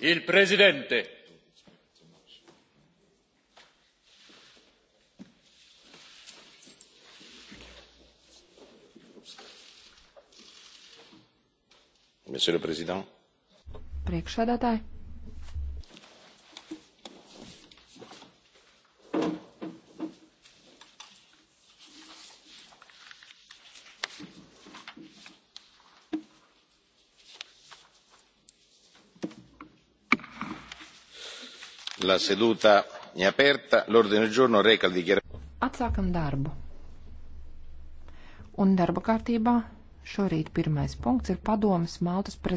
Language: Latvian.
il presidente monsieur le président priekšsēdētāji La seduta è aperta. L'ordine del giorno reca dichiarazione. Atsākam darbu. Un darba kārtībā šorīt pirmais punkts ir padomas Maltas prezidentūras.